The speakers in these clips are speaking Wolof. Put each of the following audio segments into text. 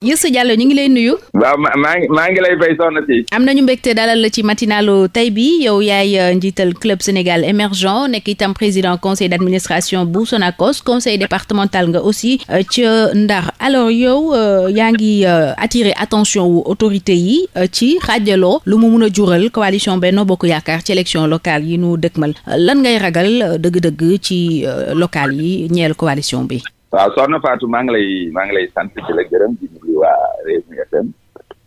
Youssou Diallo ñu ngi lay nuyu. waaw maa ngi maa ngi lay fay soxna si. am nañu mbégte dalal la ci matinalu tey bi yow yaay euh, njiital club Sénégal émergent nekk itam président conseil d' administration bu Sonacos conseil départemental nga aussi euh, ci Ndar alors yow euh, yaa ngi attirer attention wu autorité yi ci xaajaloo lu mu mun a jural coalition Benno Bokk Yaakaar ci élection locale yi nu dëkkmal lan ngay ragal dëgg-dëgg ci locale yi ñeel coalition bi. waaw soxna Fatou maa ngi lay maa ngi lay sant ci la gërëm di nuyu waa Rewmi FM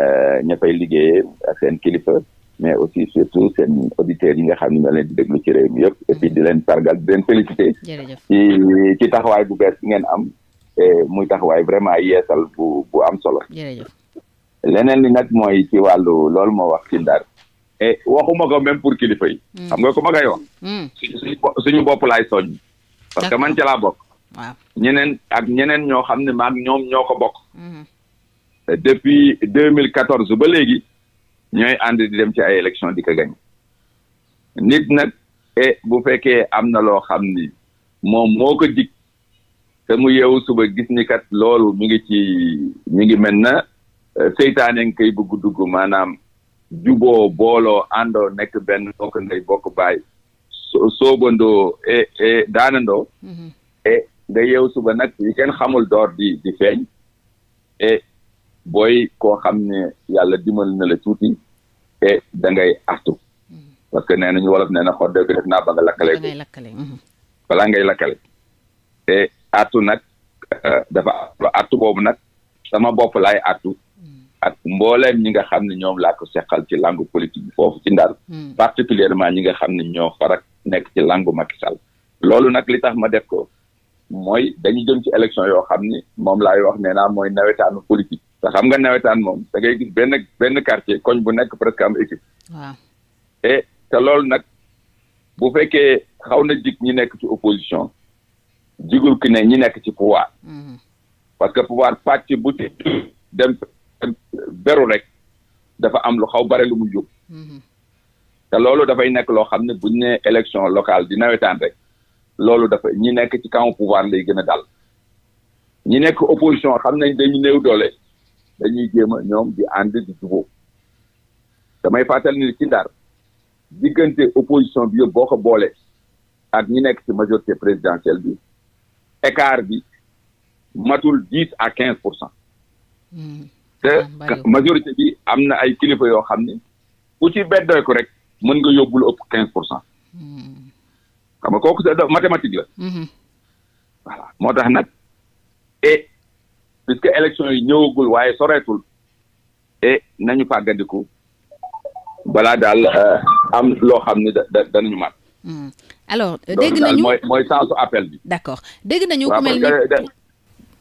euh, ña fay liggéeye ak seen kilifa mais aussi surtout seen auditeurs yi nga xam ne ñoo leen di déglu ci réew mi yëpp et di leen sargal di leen féliciter ci ci taxawaay bu bees ngeen am muy taxawaay vraiment yeesal bu bu am solo leneen li nag mooy ci wàllu loolu moo wax ci ndar et waxuma ko même pour kilifa yi hmm. xam nga ko ma koy wax hmm. bopp laay soññ parce que man ca laa bokk waaw ñeneen ak ñeneen ñoo xam ne maag ñoom ñoo ko bokk. Mhm. depuis deux mille quatorze ba léegi ñooy ànd di dem ci ay élection di ko nit nag e bu fekkee am na loo xam ni moom moo ko dig te mu yeewu suba gis ni kat loolu mi ngi ci mi ngi mel na e, seytaane nga koy bëgg dugg maanaam juboo booloo àndoo nekk benn bokk ndey bokk baay soobandoo e, e nga yeew suba nag yi kenn xamul door di di feeñ et booy koo xam ne yàlla dimbali na la tuuti et da ngay artu parce que nee nañu wolof nee na xoddee ko def naa ba nga lakkale ko mhm. balaa ngay lakkale te artu nag e dafa boobu nag sama bopp laay artu mm. ak mbooleem ñi nga xam ne ñoom laa ko seqal ci langue politique bi foofu ci ndar mm. particulièrement ñi nga xam ne ñoo farak nekk ci langue Macky Sall loolu nag li tax ma def ko mooy dañu jëm ci élection yoo xam ni moom laay wax nee naa mooy nawetaanu politique te xam nga nawetaan moom da ngay gis benn benn quartier koñ bu nekk presque am équipe. waaw et te loolu nag bu fekkee xaw na jig ñi nekk ci opposition jigul ki ne ñi nekk ci pouvoir. Mm-hmm. parce que pouvoir pàcc bu ci dem beru rek dafa am lu xaw bare lu mu jóg. Mm-hmm. te loolu dafay nekk loo xam ne buñ ne élection locale di nawetaan rek. loolu dafa ñi nekk ci camp pouvoir lay gën a dal ñi nekk opposition xam nañ dañu néew doole dañuy jéem a ñoom di ànd di jubóo damay fàttali ni ci ndar diggante opposition bi yëpp boo ko boole ak ñi nekk ci majorité présidentielle bi écart bi matul dix à quinze pour cent hmm. te ah, majorité bi am na ay kilifa yoo xam ne ku ci beddoy ko rek mën nga yóbbul ëpp quinze pour cent hmm. xam kooku da mathématique mhm. moo tax nag et puisque élection yi ñëwagul waaye soreetul et nañu fàggandiku balaa daal euh, am loo xam ne da danañu mat mhm. alors dégg nañu mooy mooy sensu appel bi. d'accord dégg nañu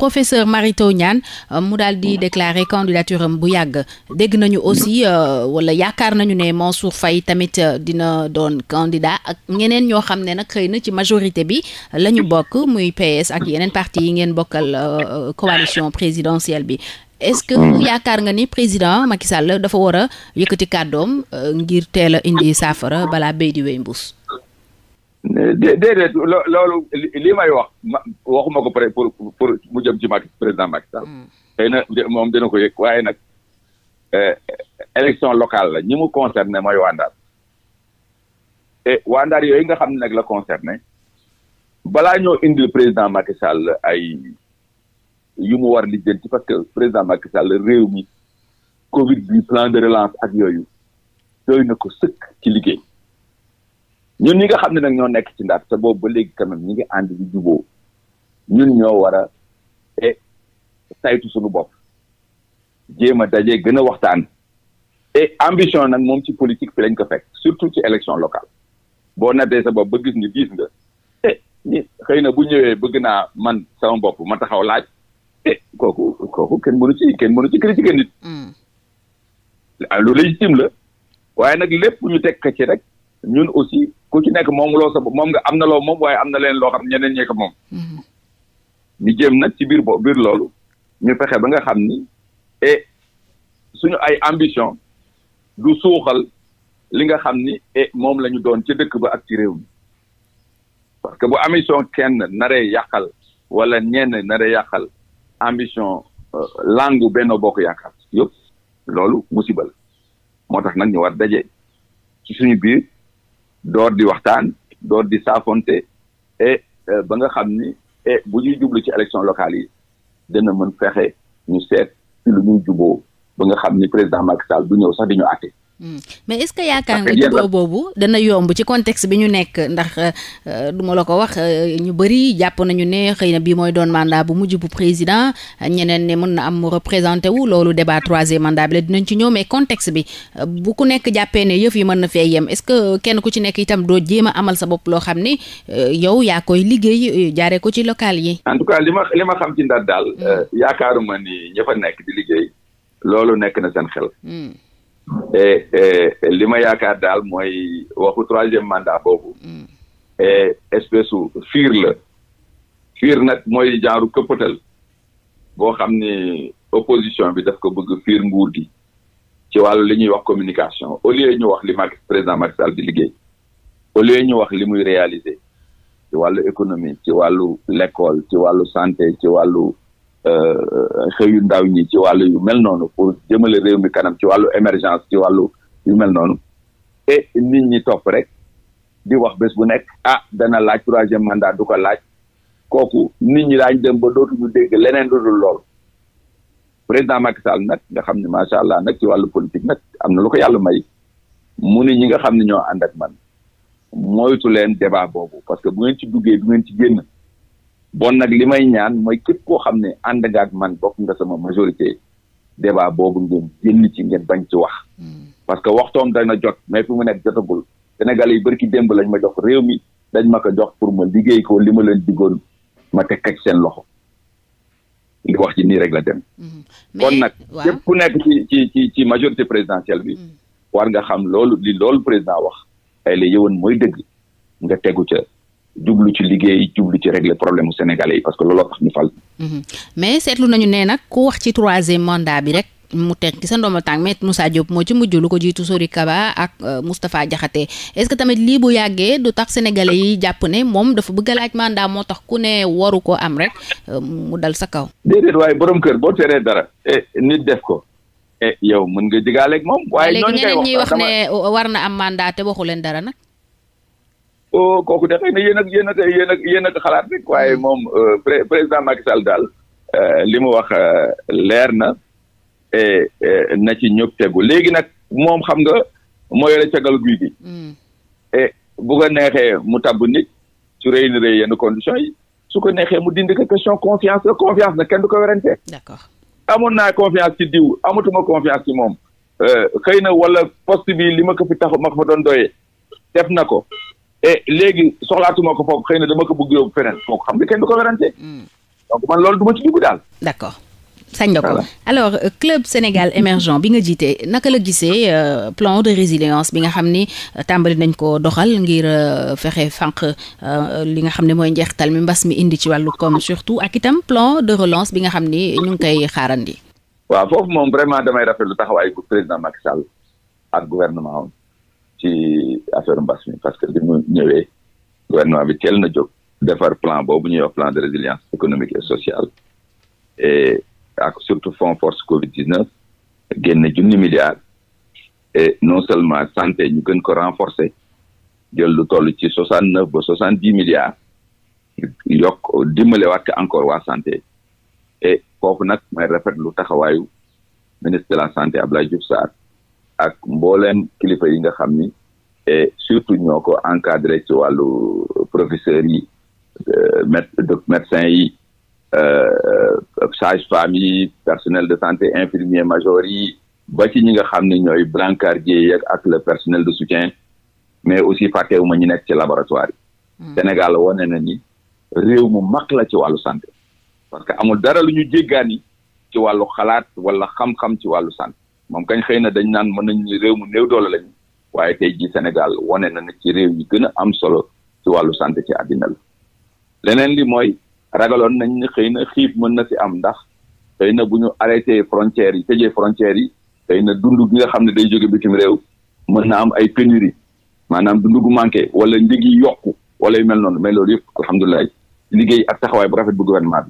professeur Mary Teuw Niane euh, mu daal di déclarer candidature am bu yàgg dégg nañu aussi euh, wala yaakaar nañu ne Mansour fay tamit euh, dina doon candidat ak ñeneen ñoo xam ne nag xëy na ci majorité bi la ñu bokk muy PS ak yeneen parti yi ngeen bokkal coalition présidentielle bi est-ce que mm. yaakaar nga ni président Macky Sall dafa war a yëkkati kàddoom ngir teel a indi saafara balaa béy di wéy mbuus déedéet loolu li may wax waxuma ko pare pour pour mu jëm ci Macky président Macky Sall. Mm. na moom dina ko yëg waaye nag e élection locale la ñi mu concerné mooy waa Ndar et waa Ndar yooyu nga xam nag la concerné balaa ñoo indil président Macky Sall ay yu mu war lijjanti parce que président Macky Sall réew mi Covid bi plan de relance ak yooyu doy na ko sëkk ci liggéey. ñun ñi nga xam ne nag ñoo nekk ci ndaat sa boobu ba léegi quand même ñi ngi ànd di juboo ñun ñoo war a e saytu suñu bopp jéem a dajee gën a waxtaan et ambition nag moom ci politique fi lañ ko fekk surtout ci élection locale boo nattee sa bopp ba gis ni diis nga eh ñi xëy na bu ñëwee bëgg naa man sama bopp ma taxaw laaj eh kooku kooku kenn mënu ci kenn mënu ci critiquer nit mm. lu légitime la waaye nag lépp ñu teg ka ci rek ñun aussi ku ci nekk moom loo sa moom nga am na loo moom waaye am na leen loo xam ñeneen ñee ko moom. Mm-hmm. ñu jëm nag ci biir bo biir loolu ñu fexe ba nga xam ni et suñu ay ambition du suuxal li nga xam ni et moom lañu doon ci dëkk ba ak ci réew mi parce que bu ambition kenn naree yàqal wala ñenn naree yàqal ambition euh, langu benn Bokk Yaakaar yëpp loolu musiba la moo tax nag ñu war daje ci suñu biir. door di waxtaan door di saafonte e ba nga xam ni e bu ñuy jublu ci élection locale yi dana mën fexe ñu seet ci lu ñuy juboo ba nga xam ni président Macky Sall du ñëw sax di ñu àtte mais est-ce que yaakaar nga juboo boobu dana yomb ci contexte bi ñu nekk ndax euh, duma la ko wax euh, ñu bëri jàpp nañu ne xëy na bii mooy doon mandat bu mujj bu président ñeneen ne mën na am représenté wu loolu débat troisième mandat bi la dinañ ci ñëw mais contexte bi euh, bu ku nekk jàppee ne yëf yi mën na fee yem est-ce que kenn ku ci nekk itam doo jéem amal sa bopp loo xam ni yow yaa koy liggéey jaare ko ci local yi. en tout cas li ma li ma xam ci ndar daal. Hmm. yaakaaruma ni ña loolu nekk et li ma yaakaar daal mooy waxu troisième mandat boobu. Hmm. et espèce su fiir la. fiir nag mooy genre këppatal boo xam ni opposition bi daf ko bëgg fiir nguur gi ci wàllu li ñuy wax communication au lieu ñu wax li Macky président Macky Sall di liggéey au lieu ñu wax li muy réaliser ci wàllu économie ci wàllu l'école ci wàllu santé ci wàllu. Euh, xëyu ndaw ñi ci wàllu yu mel noonu pour jëmale réew mi kanam ci wàllu émergence ci wàllu yu mel noonu et nit ñi topp rek di wax bés bu nekk ah dana laaj troisième mandat du ko laaj kooku nit ñi daañ dem ba dootuñu dégg leneen lu dul lool président Macky Sall nag nga xam ne macha allah nag ci wàllu politique nag am na lu ko yàlla may mu ni ñi nga xam ne ñoo ànd ak man moytu leen débat boobu parce que bu ngeen ci duggee bu ngeen ci génn bon nag li may ñaan mooy képp koo xam ne ànd nga ak man bokk nga sama majorité débat boobu ngeen génn ci ngeen bañ ci wax. parce que waxtoom dana jot mais fi mu nekk jotagul. Sénégal yi bërki demb lañ ma jox réew mi dañ ma ko jox pour ma liggéey ko li ma leen diggoon ma teg ak seen loxo. li wax ci nii rek la dem. Mhm. kon nag képp ku nekk ci ci ci ci majorité présidentielle bi. Mhm. war nga xam loolu li loolu président wax. ay la yëwoon mooy dëgg nga tegu ca. jublu ci liggéey jublu ci régler problème mu yi parce que looloo tax ñu fal. Mhm. mais seetlu nañu ne nag ku wax ci troisième mandat bi rek mu teg ci sa ndombal tànk mais Moussa Diop moo ci mujj ko jiitu Sori Kaba ak euh, Moustapha Diakhaté est-ce que tamit lii bu yàggee du tax sénégalais yi jàpp ne moom dafa bëgg a laaj mandat moo tax ku ne waru ko am rek euh, mu dal sa kaw. déedéet waaye borom kër boo teree dara eh, nit def ko. Eh, yow mën nga digaaleeg moom. waaye ñooñu koy wax wax ne war na am mandat te waxu leen dara nag. Oh, kooku de xëy na yéen ak yéen ak yéen ak yéen ak xalaat rek waaye hmm. moom euh, président Macky Sall daal euh, li mu wax euh, leer na et na ci ñëpp tegu léegi nag moom xam nga moo yore cagal guy gi. Hmm. et neexee mu tabb nit su réunir yenn conditions yi su ko neexee mu dindi ko question confiance la confiance na kenn du ko werante. d'accord amoon naa confiance ci diw amatuma confiance ci moom. xëy na wala poste bi li ma ko fi taxu ma ko fa doon doyee def na ko. et eh, léegi soxlaatuma ko foofu xëy na dama ko bëgg yóbbu feneen kooku xam nga kenn du ko werante hmm. donc man loolu du ma ci dugg daal. d'accord sañ nga ko alors euh, club Sénégal émergent bi nga jiitee naka la gisee euh, plan de résilience bi nga xam ni euh, tàmbali nañ ko doxal ngir fexe fànq li nga xam ne mooy njeextal mi mbas mi indi ci wàllu koom surtout ak itam plan de relance bi nga xam ni ñu ngi koy xaarandi. waaw foofu moom vraiment damay lu taxawaay bu président ak gouvernement ci affaire mbas mi parce que bi mu ñëwee gouvernement bi teel na defar plan boobu ñuy wax plan de résilience économique et sociale et ak surtout fonds force Covid 19 génn junni milliards et non seulement santé ñu gën ko renforcer jël lu toll ci soixante neuf ba soixante dix milliards yokk dimbale waat ko encore wa santé et foofu nag may rafet lu taxawaayu ministre de la santé Abdoulaye Diouf Sarr ak mbooleem kilifa yi nga xam ni et surtout ñoo ko encadré ci wàllu professeurs yi euh, médecins yi euh, euh, sages-femmes yi personnel de santé infirmier major yi ba ci ñi nga xam ni ñooy brancardier yi ak le personnel de soutien mais aussi fàttewuma ñu nekk ci laboratoire yi hmm. Sénégal wane na ni réew mu mag la ci wàllu santé parce que amul dara lu ñu jéggaani ci wàllu xalaat wala xam-xam ci wàllu santé moom kañ xëy na dañ naan mën nañ réew mu néew doole lañ waaye tey ji Sénégal wane na ne ci réew yi gën a am solo ci wàllu santé ci àddina la leneen li mooy ragaloon nañ ne xëy na xiif mën na si am ndax xëy na bu ñu arrêté frontières yi tëjee frontières yi xëy na dund gi nga xam ne day jóge bitim réew mën na am ay pénurie maanaam dund gu manqué wala njëg yi yokku wala yu mel noonu mais loolu yëpp alhamdulilah liggéey ak taxawaay bu rafet bu gouvernement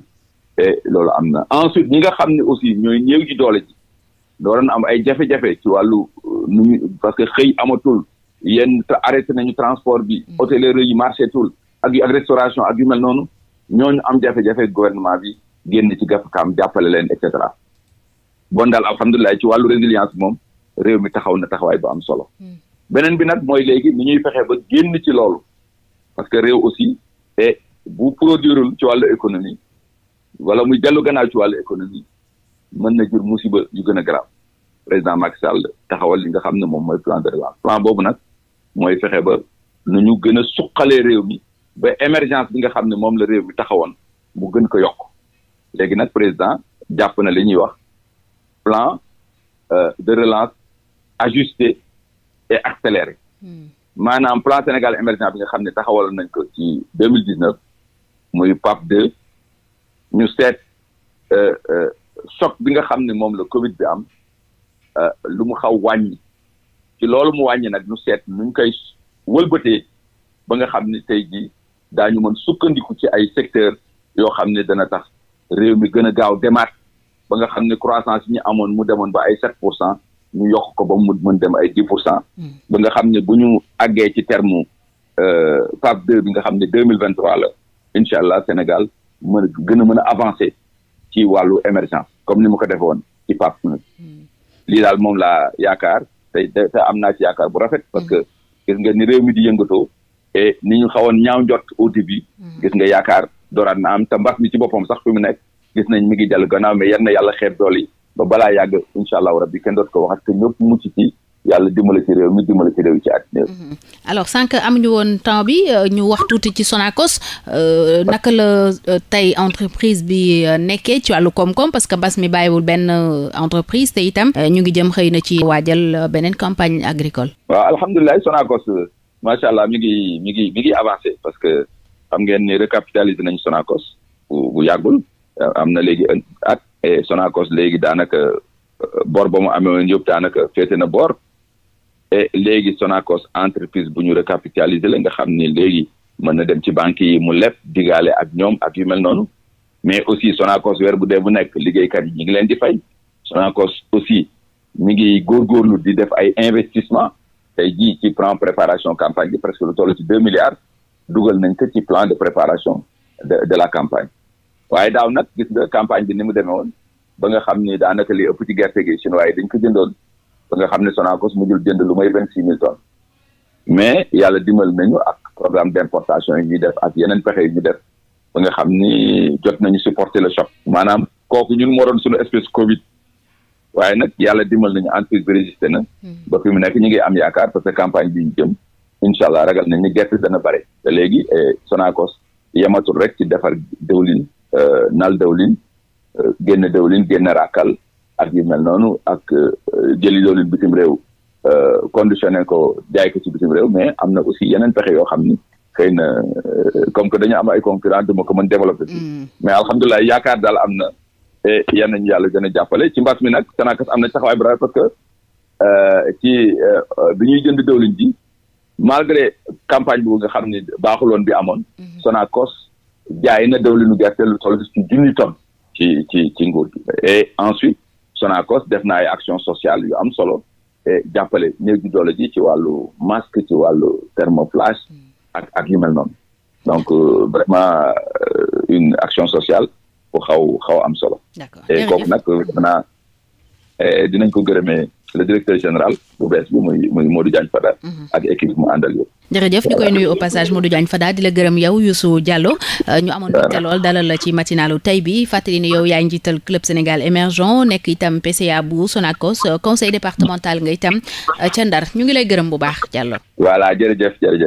bi loolu am na ensuite ñi nga xam ne aussi ñooy néew ji doole doon am ay jafe-jafe ci wàllu euh, nu parce que xëy amatul yenn arrêté nañu transport bi mm. hôtellerie yi marché tul ak ak restauration ak yu mel noonu ñooñu am jafe-jafe gouvernement bi génn ci gafakaam jàppale leen et cetera bon daal alhamdulilah ci wàllu résilience moom réew mi taxaw na taxawaay bu am solo mm. beneen bi nag mooy léegi ni ñuy fexe ba génn ci loolu parce que réew aussi te bu produireul ci wàllu économie wala muy dellu gannaaw ci wàllu économie mën na jur musiba yu gën a garaaw président Macky Sall taxawal li nga xam ne moom mooy plan de relance plan boobu nag mooy fexe ba nu ñu gën a suqalee réew mi ba émergence bi nga xam ne moom la réew mi taxawoon mu gën ko yokk léegi nag président jàpp na li ñuy wax plan euh, de relance ajusté et accéléré hmm. maanaam plan Sénégal émergent bi nga xam ne taxawaloon nañ ko ci deux mille dix neuf muy PAP deux ñu seet euh, euh, choc bi nga xam ne moom la Covid bi am euh, lu mu xaw wàññi ci loolu mu wàññi nag ñu seet nu ñu koy wëlbatee ba nga xam ne tey jii daañu mën sukkandiku ci ay secteur yoo xam ne dana tax réew mi gën a gaaw demaat ba nga xam ne croissance yi ñu amoon mu demoon ba ay 7 pour cent ñu yokk ko ba mu mën dem ay 10 pour cent. Hmm. ba nga xam ne bu ñu àggee ci terme euh, PAP 2 bi nga xam ne 2023 la incha allah Sénégal mën a gën a mën a avancer. ci wàllu émergence comme ni mu ko defee woon ci PAP. Hmm. lii daal moom laa yaakaar te te am naa ci yaakaar bu rafet parce que hmm. gis nga ni réew mi di yëngatoo et ni ñu xawoon ñaaw njot au début hmm. gis nga yaakaar dooraat na am te mbas mi ci boppam sax fi nekk gis nañ mi ngi jàll gannaaw mais yal na yàlla xeeb dool yi ba balaa yàgg allahu rabbi kenn doot ko waxat te ñëpp mucc ci yàlla dimbali ci réew mi dimbali ci réew yi ci àddina mhm. alors sànq amuñu woon temps bi euh, ñu wax tuuti ci Sonacos euh, naka la euh, tey entreprise bi nekkee ci wàllu koom-koom parce que bas mi bàyyiwul benn entreprise te itam ñu ngi jëm xëy na ci waajal beneen campagne agricole. waaw alhamdulilah Sonacos macha allah mi ngi mi ngi mi ngi avancé parce que xam ngeen ni recapitalisé nañu Sonacos bu bu yàggul am na léegi at Sonacos léegi daanaka bor ba mu amee woon yëpp daanaka féete bor. et léegi Sonacos entreprise bu ñu recapitaliser la nga xam ni léegi mën na dem ci banque yi mu leb digaale ak ñoom ak yu mel noonu mais aussi Sonacos weer bu dee bu nekk liggéeykat yi ñu ngi leen di fay Sonacos aussi ñu ngi lu di def ay investissement tey jii ci plan préparation campagne bi presque lu toll ci deux milliards dugal nañ ko ci plan de préparation de de la campagne waaye daaw nag gis nga campagne bi ni mu demee woon ba nga xam ni daanaka li ëpp ci gerte gi chinois yi dañ ko jëndoon. ba nga xam ne Sonacos mujjul jënd lu may vingt six mille mais yàlla dimbal nañu ak programme d' yi ñuy def ak yeneen pexe yi ñu def ba nga xam ni jot nañu supporter le choc maanaam kooku ñun moo doon suñu espèce Covid waaye nag yàlla dimal nañu entreprise bi résisté na hmm. ba fi mu nekk ñu ngi am yaakaar parce que campagne bi ñu jëm incha ragal nañ ni gerte dana bare te léegi eh, Sonacos yematul rek ci defar dëwlin euh, nal dëwlin euh, génn dëwlin génn raakal ak noonu ak euh, jëli loolu bitim réew euh, conditionné ko jaay ko ci bitim réew mais am na aussi yeneen pexe yoo xam ni xëy na euh, comme que dañu am ay concurrent du ma ko mën développé si mm. mais alhamdulilah yaakaar daal am na te yan yàlla gën a jàppale ci mbas mi nag Sonacos am na taxawaay bu rafet parce que ci bi ñuy jënd diwlin bi malgré campagne boobu nga xam ni baaxuloon bi amoon mm-hmm. Sonacos jaay na diwlinu gerte lu toll ci junni tonne ci ci ci nguur gi Sonacos def na ay action sociale yu am solo jàppale néew ju doole ci wàllu masque ci wàllu thermoflash ak ak yu mel noonu donc euh, vraiment euh, une action sociale bu xaw xaw am solo. d'accord et kooku nag def naa eh, dinañ ko gërëmee. le directeur général bu bees bi muy muy Modou Diagne Fada. Mhm. ak équipe mu àndal yëpp. jërëjëf ñu koy nuyu au passage Modou Diagne Fada di la gërëm yow Youssou Diallo. Euh, ñu amoon mbégte lool dalal la ci matinalu tey bi fàttali ni yow yaay njiital club Sénégal émergent nekk itam a bu Sonacos euh, conseil départemental nga itam euh, ca Ndar ñu ngi lay gërëm bu baax Diallo.